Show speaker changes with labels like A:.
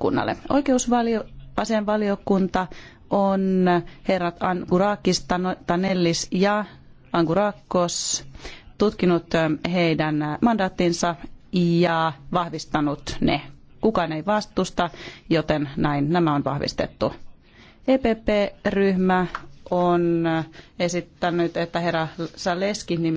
A: valiokunnalle.
B: Oikeusvalio, valiokunta on herrat Angurakis, Tanellis ja Angurakos tutkinut heidän mandaattinsa ja vahvistanut ne. Kukaan ei vastusta, joten näin nämä on vahvistettu. EPP-ryhmä on esittänyt, että herra Saleski